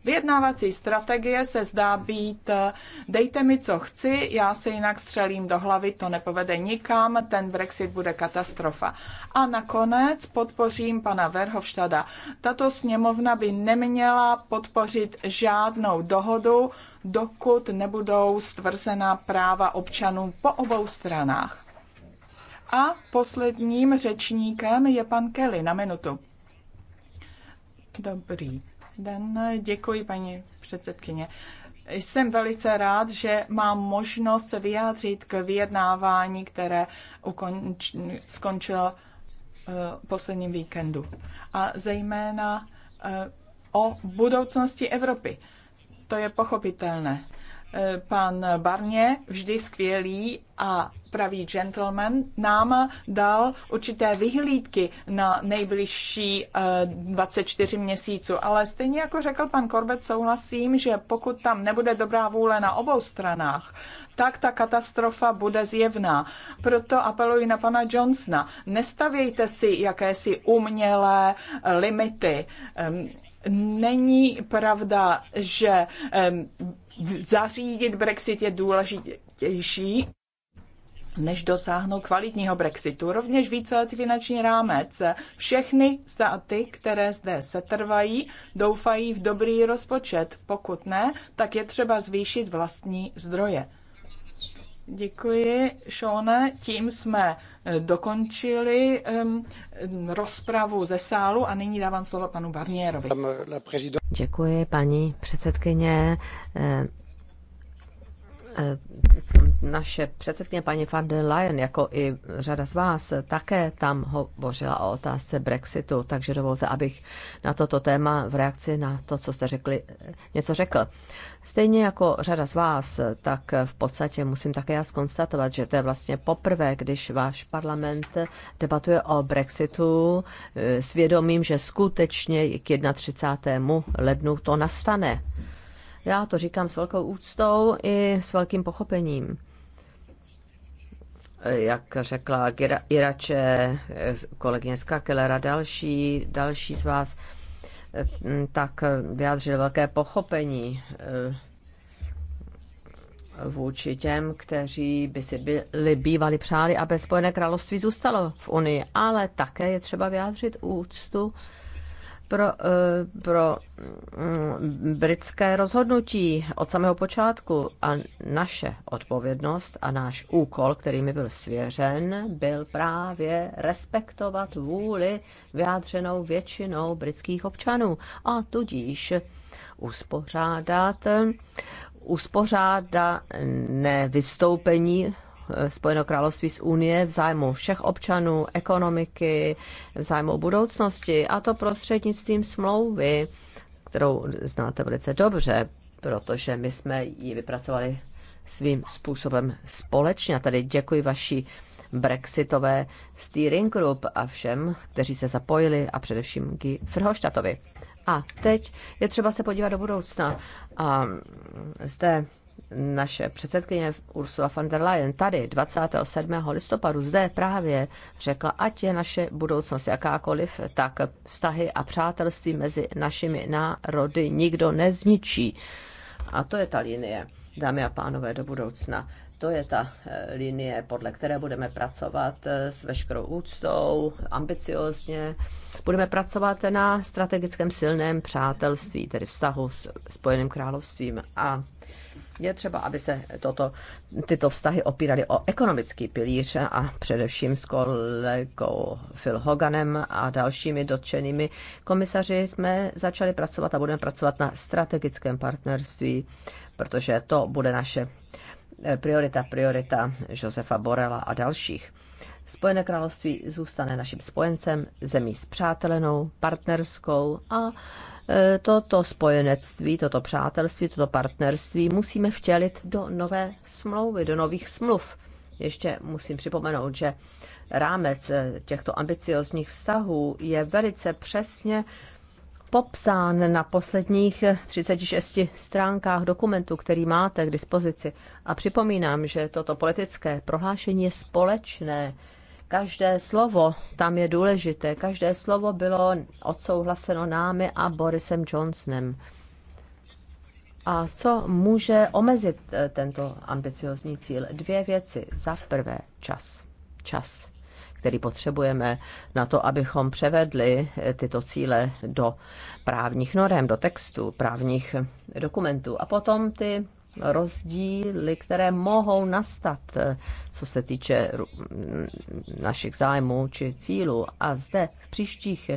Vyjednávací strategie se zdá být, eh, dejte mi, co chci, já se jinak střelím do hlavy, to nepovede nikam, ten Brexit bude katastrofa. A nakonec podpořím pana Verhofštada. Tato sněmovna by neměla podpořit žádnou dohodu, dokud nebudou stvrzená práva občanů po obou stranách. A posledním řečníkem je pan Kelly na minutu. Dobrý den, děkuji paní předsedkyně. Jsem velice rád, že mám možnost se vyjádřit k vyjednávání, které ukonč, skončilo uh, posledním víkendu. A zejména uh, o budoucnosti Evropy. To je pochopitelné pan Barně, vždy skvělý a pravý gentleman, nám dal určité vyhlídky na nejbližší 24 eh, měsíců. Ale stejně jako řekl pan Korbet, souhlasím, že pokud tam nebude dobrá vůle na obou stranách, tak ta katastrofa bude zjevná. Proto apeluji na pana Johnsona. Nestavějte si jakési umělé eh, limity. Ehm, není pravda, že ehm, zařídit Brexit je důležitější, než dosáhnout kvalitního Brexitu. Rovněž víceletý finanční rámec. Všechny státy, které zde setrvají, doufají v dobrý rozpočet. Pokud ne, tak je třeba zvýšit vlastní zdroje. Děkuji, Šone. Tím jsme eh, dokončili um, rozpravu ze sálu a nyní dávám slovo panu Barnierovi. Děkuji, paní předsedkyně. Eh, Eh, naše předsedkyně paní van der Leyen, jako i řada z vás, také tam hovořila o otázce Brexitu, takže dovolte, abych na toto téma v reakci na to, co jste řekli, něco řekl. Stejně jako řada z vás, tak v podstatě musím také já skonstatovat, že to je vlastně poprvé, když váš parlament debatuje o Brexitu eh, s vědomím, že skutečně k 31. lednu to nastane. Já to říkám s velkou úctou i s velkým pochopením. Jak řekla Irače, kolegyně Skakelera, další, další z vás, tak vyjádřil velké pochopení eh, vůči těm, kteří by si byli bývali přáli, aby Spojené království zůstalo v Unii, ale také je třeba vyjádřit úctu pro, eh, pro mm, britské rozhodnutí od samého počátku a naše odpovědnost a náš úkol, který mi byl svěřen, byl právě respektovat vůli vyjádřenou většinou britských občanů a tudíž uspořádat uspořádané vystoupení Eh, Spojeno království z Unie v zájmu všech občanů, ekonomiky, v zájmu budoucnosti a to prostřednictvím smlouvy, kterou znáte velice dobře, protože my jsme ji vypracovali svým způsobem společně. A tady děkuji vaší brexitové steering group a všem, kteří se zapojili a především Guy Frhoštatovi. A teď je třeba se podívat do budoucna. A zde naše předsedkyně Ursula von der Leyen tady 27. listopadu zde právě řekla, ať je naše budoucnost jakákoliv, tak vztahy a přátelství mezi našimi národy nikdo nezničí. A to je ta linie, dámy a pánové, do budoucna. To je ta eh, linie, podle které budeme pracovat eh, s veškerou úctou, ambiciozně. Budeme pracovat na strategickém silném přátelství, tedy vztahu s Spojeným královstvím. A je třeba, aby se toto, tyto vztahy opíraly o ekonomický pilíř a především s kolegou Phil Hoganem a dalšími dotčenými komisaři jsme začali pracovat a budeme pracovat na strategickém partnerství, protože to bude naše priorita, priorita Josefa Borela a dalších. Spojené království zůstane naším spojencem, zemí s přátelenou, partnerskou a Eh, toto spojenectví, toto přátelství, toto partnerství musíme vtělit do nové smlouvy, do nových smluv. Ještě musím připomenout, že rámec eh, těchto ambiciozních vztahů je velice přesně popsán na posledních 36 eh, stránkách dokumentu, který máte k dispozici. A připomínám, že toto politické prohlášení je společné Každé slovo tam je důležité. Každé slovo bylo odsouhlaseno námi a Borisem Johnsonem. A co může omezit eh, tento ambiciozní cíl? Dvě věci. Za prvé čas. Čas, který potřebujeme na to, abychom převedli eh, tyto cíle do právních norem, do textu, právních eh, dokumentů. A potom ty rozdíly, které mohou nastat, eh, co se týče našich zájmů či cílů. A zde v příštích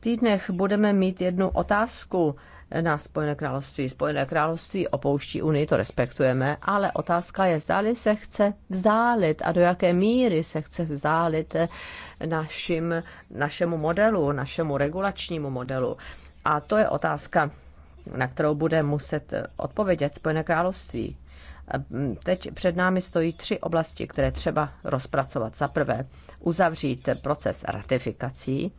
týdnech budeme mít jednu otázku na Spojené království. Spojené království opouští Unii, to respektujeme, ale otázka je, zdáli se chce vzdálit a do jaké míry se chce vzdálit eh, našim, našemu modelu, našemu regulačnímu modelu. A to je otázka na kterou bude muset eh, odpovědět Spojené království. Mm, teď před námi stojí tři oblasti, které třeba rozpracovat. Za prvé, uzavřít proces ratifikací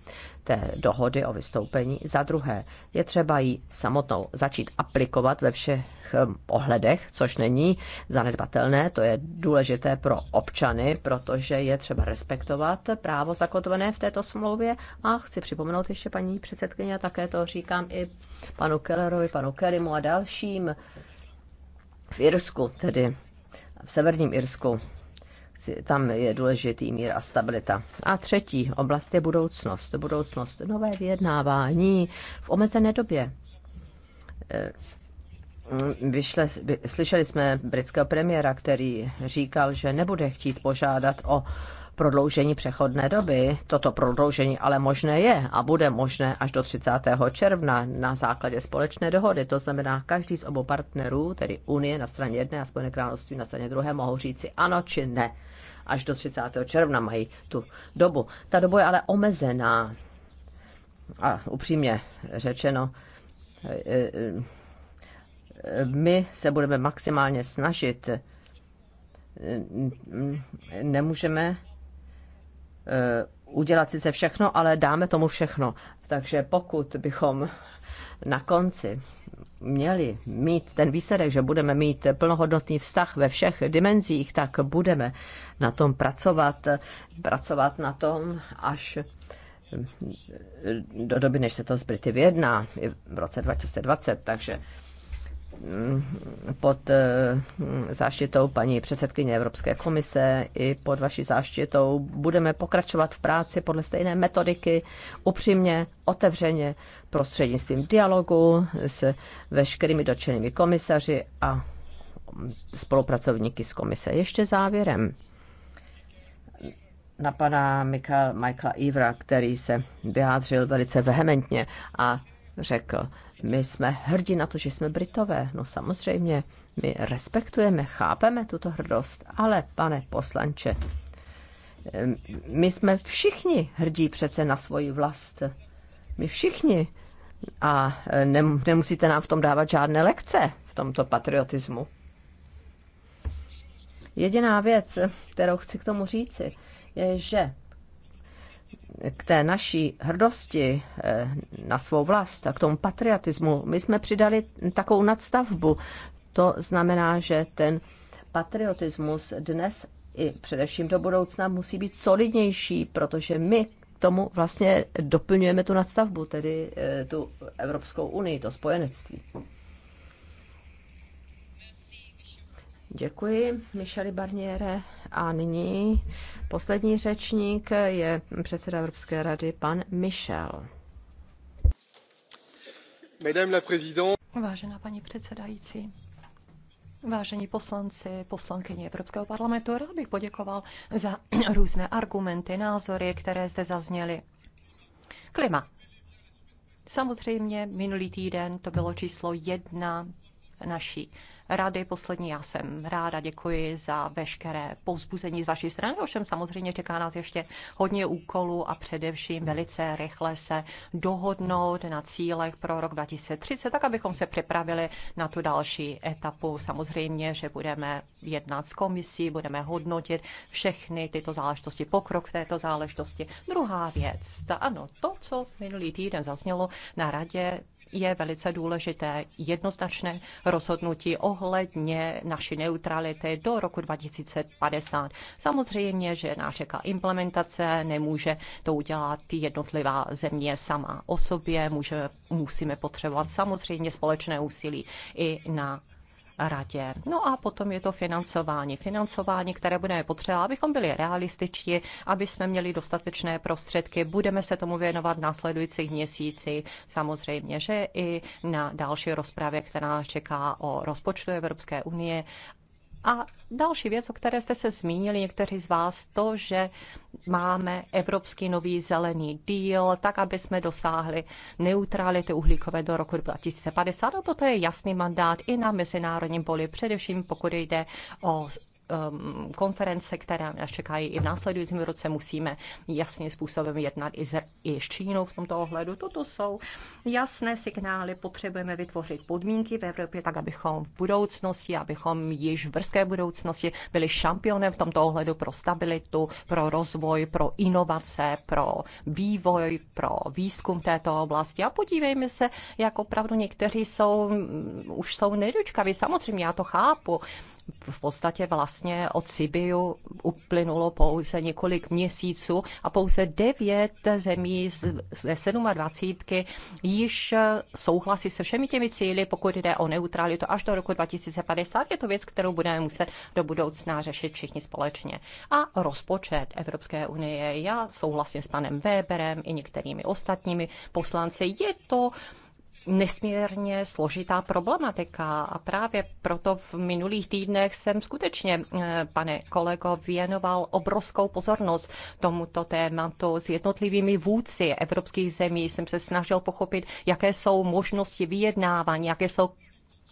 té dohody o vystoupení. Za druhé, je třeba ji samotnou začít aplikovat ve všech hm, ohledech, což není zanedbatelné. To je důležité pro občany, protože je třeba respektovat právo zakotvené v této smlouvě. A chci připomenout ještě paní předsedkyně, také to říkám i panu Kellerovi, panu Kellymu a dalším, v Irsku, tedy v severním Irsku. Tam je důležitý mír a stabilita. A třetí oblast je budoucnost. Budoucnost nové vyjednávání v omezené době. Eh, vyšle, slyšeli jsme britského premiéra, který říkal, že nebude chtít požádat o prodloužení přechodné doby. Toto prodloužení ale možné je a bude možné až do 30. června na základě společné dohody. To znamená, každý z obou partnerů, tedy Unie na straně jedné a Spojené království na straně druhé, mohou říci ano či ne. Až do 30. června mají tu dobu. Ta doba je ale omezená. A upřímně řečeno, e, e, my se budeme maximálně snažit e, nemůžeme Eh, udělat sice všechno, ale dáme tomu všechno. Takže pokud bychom na konci měli mít ten výsledek, že budeme mít plnohodnotný vztah ve všech dimenzích, tak budeme na tom pracovat, pracovat na tom až eh, do doby, než se to z Brity vyjedná v roce 2020. Takže Mm, pod eh, záštitou paní předsedkyně Evropské komise i pod vaší záštitou budeme pokračovat v práci podle stejné metodiky, upřímně, otevřeně, prostřednictvím dialogu s veškerými dotčenými komisaři a spolupracovníky z komise. Ještě závěrem na pana Michaela Ivra, který se vyjádřil velice vehementně a řekl, my jsme hrdí na to, že jsme Britové. No samozřejmě, my respektujeme, chápeme tuto hrdost, ale pane poslanče, my jsme všichni hrdí přece na svoji vlast. My všichni. A e, nemusíte nám v tom dávat žádné lekce, v tomto patriotismu. Jediná věc, kterou chci k tomu říci, je, že k té naší hrdosti eh, na svou vlast a k tomu patriotismu, my jsme přidali takovou nadstavbu. To znamená, že ten patriotismus dnes i především do budoucna musí být solidnější, protože my k tomu vlastně doplňujeme tu nadstavbu, tedy eh, tu Evropskou unii, to spojenectví. Děkuji, Michali Barniere. A nyní poslední řečník je předseda Evropské rady pan Michel. Madame la Vážená paní předsedající, Vážení poslanci, poslankyně Evropského parlamentu, rád bych poděkoval za různé argumenty, názory, které zde zazněly. Klima. Samozřejmě minulý týden to bylo číslo jedna naší rady poslední. Já jsem ráda, děkuji za veškeré povzbuzení z vaší strany. Ovšem samozřejmě čeká nás ještě hodně úkolů a především velice rychle se dohodnout na cílech pro rok 2030, tak abychom se připravili na tu další etapu. Samozřejmě, že budeme jednat s komisí, budeme hodnotit všechny tyto záležitosti, pokrok v této záležitosti. Druhá věc, ano, to, co minulý týden zaznělo na radě, je velice důležité jednoznačné rozhodnutí ohledně naší neutrality do roku 2050. Samozřejmě, že nářeka implementace nemůže to udělat jednotlivá země sama o sobě, může, musíme potřebovat samozřejmě společné úsilí i na radě. No a potom je to financování. Financování, které budeme potřebovat, abychom byli realističtí, aby jsme měli dostatečné prostředky. Budeme se tomu věnovat v následujících měsících. Samozřejmě, že i na další rozpravě, která nás čeká o rozpočtu Evropské unie a další věc, o které jste se zmínili někteří z vás, to, že máme Evropský nový zelený díl, tak, aby jsme dosáhli neutrality uhlíkové do roku 2050. A toto je jasný mandát i na mezinárodním poli, především pokud jde o um, konference, které nás čekají i v následujícím roce, musíme jasným způsobem jednat i, z, i s Čínou v tomto ohledu. Toto jsou jasné signály, potřebujeme vytvořit podmínky v Evropě tak, abychom v budoucnosti, abychom již v brzké budoucnosti byli šampionem v tomto ohledu pro stabilitu, pro rozvoj, pro inovace, pro vývoj, pro výzkum této oblasti. A podívejme se, jak opravdu někteří jsou, už jsou nedočkaví. Samozřejmě já to chápu, v podstatě vlastně od Sibiu uplynulo pouze několik měsíců a pouze devět zemí ze 27 již souhlasí se všemi těmi cíly, pokud jde o neutralitu až do roku 2050. Je to věc, kterou budeme muset do budoucna řešit všichni společně. A rozpočet Evropské unie, já souhlasím s panem Weberem i některými ostatními poslanci, je to nesmírně složitá problematika a právě proto v minulých týdnech jsem skutečně, eh, pane kolego, věnoval obrovskou pozornost tomuto tématu. S jednotlivými vůdci evropských zemí jsem se snažil pochopit, jaké jsou možnosti vyjednávání, jaké jsou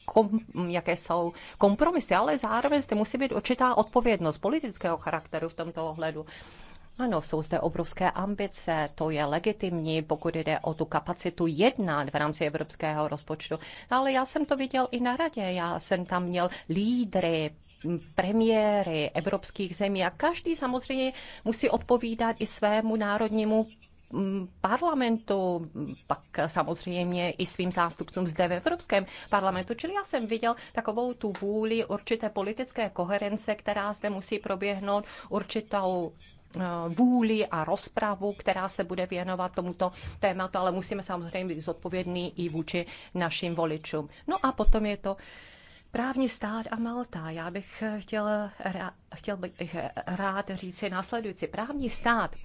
kom, jaké jsou kompromisy, ale zároveň zde musí být určitá odpovědnost politického charakteru v tomto ohledu. Ano, jsou zde obrovské ambice, to je legitimní, pokud jde o tu kapacitu jednat v rámci evropského rozpočtu. No, ale já jsem to viděl i na radě, já jsem tam měl lídry, premiéry evropských zemí a každý samozřejmě musí odpovídat i svému národnímu mm, parlamentu, pak samozřejmě i svým zástupcům zde v Evropském parlamentu. Čili já jsem viděl takovou tu vůli určité politické koherence, která zde musí proběhnout určitou Eh, vůli a rozpravu, která se bude věnovat tomuto tématu, ale musíme samozřejmě být zodpovědní i vůči našim voličům. No a potom je to Právní stát a Malta. Já bych chtěl, chtěl bych rád říci následující. Právní stát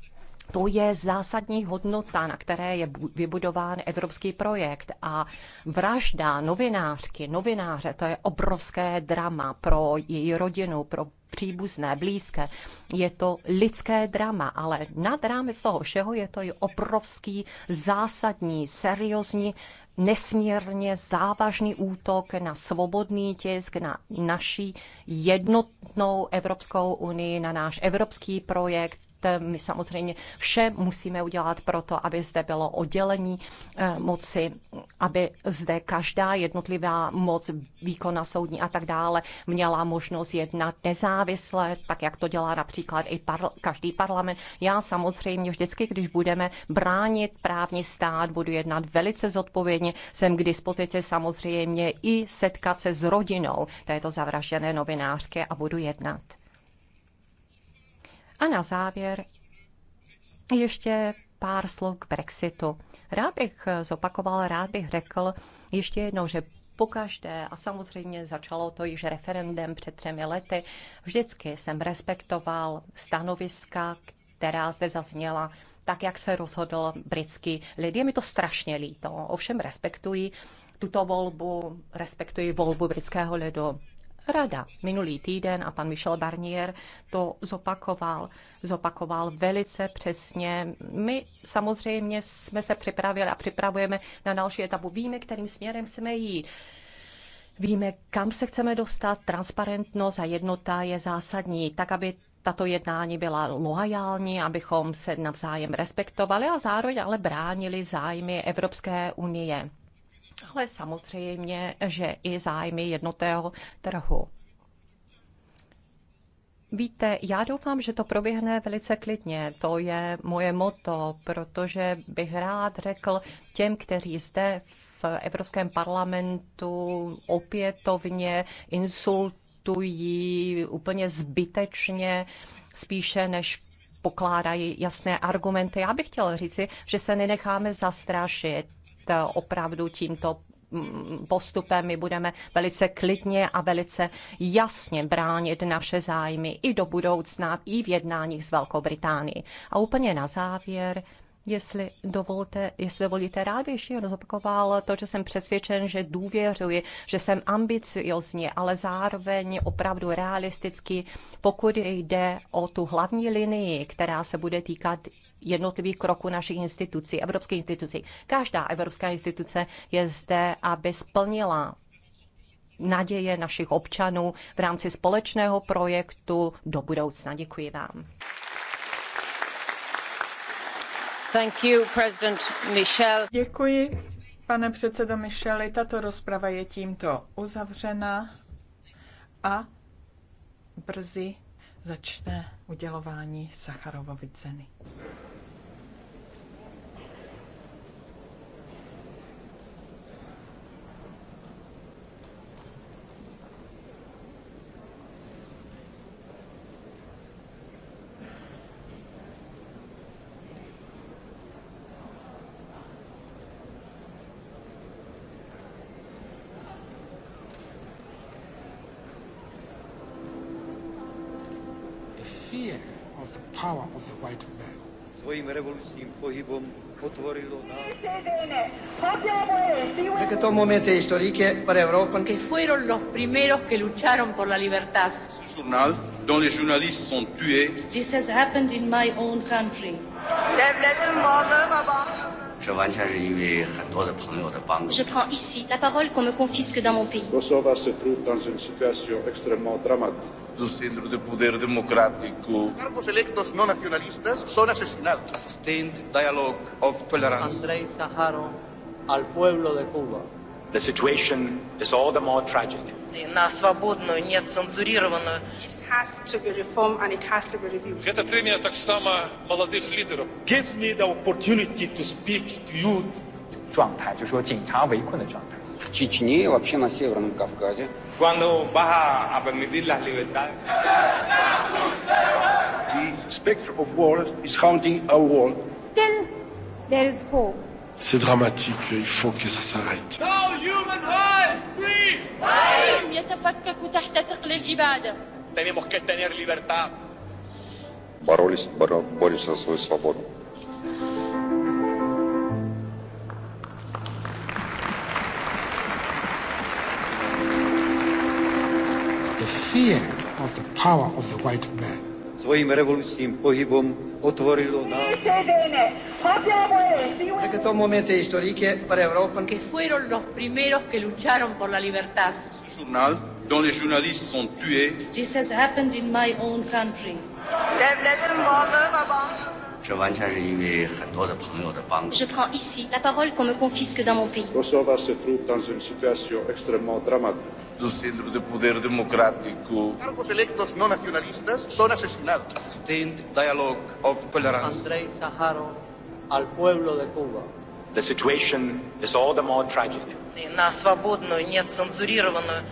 to je zásadní hodnota, na které je vybudován evropský projekt. A vražda novinářky, novináře, to je obrovské drama pro její rodinu, pro příbuzné, blízké. Je to lidské drama, ale nad rámec toho všeho je to i obrovský, zásadní, seriózní nesmírně závažný útok na svobodný tisk, na naší jednotnou Evropskou unii, na náš evropský projekt, my samozřejmě vše musíme udělat pro to, aby zde bylo oddělení eh, moci, aby zde každá jednotlivá moc výkona soudní a tak dále měla možnost jednat nezávisle, tak jak to dělá například i parl- každý parlament. Já samozřejmě vždycky, když budeme bránit právní stát, budu jednat velice zodpovědně. Jsem k dispozici samozřejmě i setkat se s rodinou této zavražděné novinářky a budu jednat. A na závěr ještě pár slov k Brexitu. Rád bych zopakoval, rád bych řekl ještě jednou, že pokaždé, a samozřejmě začalo to již referendem před třemi lety, vždycky jsem respektoval stanoviska, která zde zazněla, tak, jak se rozhodl britský lid. Je mi to strašně líto, ovšem respektuji tuto volbu, respektuji volbu britského lidu. Rada minulý týden a pan Michel Barnier to zopakoval, zopakoval velice přesně. My samozřejmě jsme se připravili a připravujeme na další etapu. Víme, kterým směrem jsme jít. Víme, kam se chceme dostat. Transparentnost a jednota je zásadní, tak aby tato jednání byla loajální, abychom se navzájem respektovali a zároveň ale bránili zájmy Evropské unie ale samozřejmě, že i zájmy jednotého trhu. Víte, já doufám, že to proběhne velice klidně. To je moje moto, protože bych rád řekl těm, kteří zde v Evropském parlamentu opětovně insultují úplně zbytečně, spíše než pokládají jasné argumenty. Já bych chtěl říci, že se nenecháme zastrašit opravdu tímto mm, postupem my budeme velice klidně a velice jasně bránit naše zájmy i do budoucna, i v jednáních s Velkou Británií. A úplně na závěr Jestli dovolte, jestli dovolíte, rád bych ještě rozopakoval to, že jsem přesvědčen, že důvěřuji, že jsem ambiciozní, ale zároveň opravdu realisticky, pokud jde o tu hlavní linii, která se bude týkat jednotlivých kroků našich institucí, evropských institucí. Každá evropská instituce je zde, aby splnila naděje našich občanů v rámci společného projektu do budoucna. Děkuji vám. Děkuji, pane předsedo Micheli. Tato rozprava je tímto uzavřena a brzy začne udělování Sacharovovy ceny. pohybom otvorilo nám. Porque to momenty historique pro Evropu. Que fueron los primeros que lucharon por la libertad. Ce journal dont les journalistes sont tués. This has happened in my own country. Devletin varlığı ve bağımsızlığı 这完全是因为很多的朋友的帮助。Je prends ici la parole qu'on me confisque dans mon pays. Kosova se trouve dans une situation extrêmement dramatique. του Centro de Poder Democrático. Cargos electos no nacionalistas son asesinados. A sustained dialogue of tolerance. Andrei Saharov al pueblo de Cuba. The situation is all the more tragic. На свободную, нецензурированную Гэта прэмія таксама маладых лідараў. Gives me the opportunity to speak to you. 状态就是说警察围困的状态。Чечне, вообще на Северном Кавказе. Cuando vas a permitir las libertades. The spectre of war is haunting our world. Still, there is hope. C'est dramatique, il faut que ça s'arrête. No human rights! يتفكك تحت tenemos que tener libertad. Боролись, боро, борюсь за свою свободу. The fear of the power of the white man. Svojím revolučním pohybom otvorilo nám... En estos momentos históricos para Europa. Que fueron los primeros que lucharon por la libertad. Su dont les journalistes sont tués. This has happened in my own country. 这完全是因为很多的朋友的帮助。Je prends ici la parole qu'on me confisque dans mon pays. Kosovo se trouve dans une situation extrêmement dramatique. Do centre de pouvoir démocratique. Cargos electos no nacionalistas son asesinados. A sustained dialogue of tolerance. Andrei Saharov al pueblo de Cuba. The situation is all the more tragic. На свободную, нецензурированную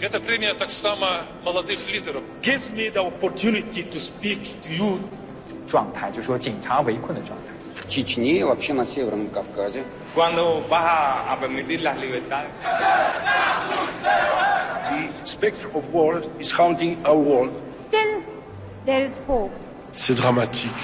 Это премия так само молодых лидеров. Gives me the opportunity to speak to you. 状态就是说警察围困的状态。в Чечне, вообще на Северном Кавказе. The specter of war is haunting our world. Still, there is hope. C'est dramatique.